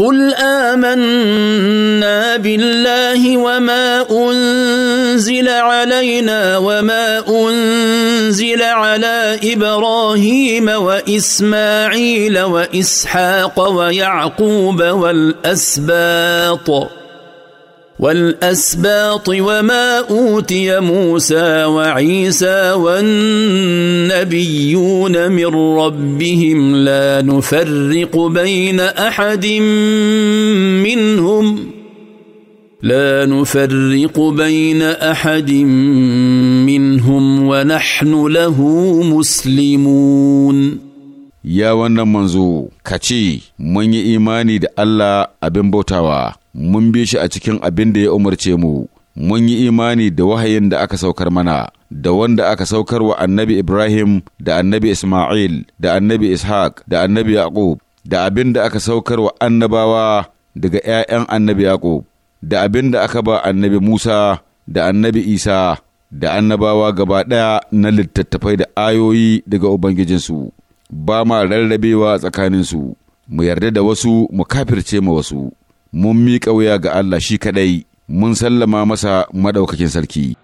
قل آمنا بالله وما أنزل علينا وما أنزل على إبراهيم وإسماعيل وإسحاق ويعقوب والأسباط والاسباط وما اوتي موسى وعيسى والنبيون من ربهم لا نفرق بين احد منهم لا نفرق بين احد منهم ونحن له مسلمون ya wannan manzo ka ce mun yi imani da Allah abin bautawa mun bi shi a cikin abin da ya umarce mu mun yi imani da wahayin da aka saukar mana da wanda aka saukar wa annabi Ibrahim da annabi Ismail da annabi Ishaq da annabi Yaqub da abin da aka saukar wa annabawa daga ‘ya'yan annabi Yaqub da abin da aka ba annabi Musa da annabi Isa da annabawa gaba ɗaya na littattafai da ayoyi daga Ubangijinsu ba ma rarrabewa tsakaninsu mu yarda da wasu mu kafirce ma wasu. mun miƙa wuya ga Allah shi kaɗai mun sallama masa maɗaukakin sarki.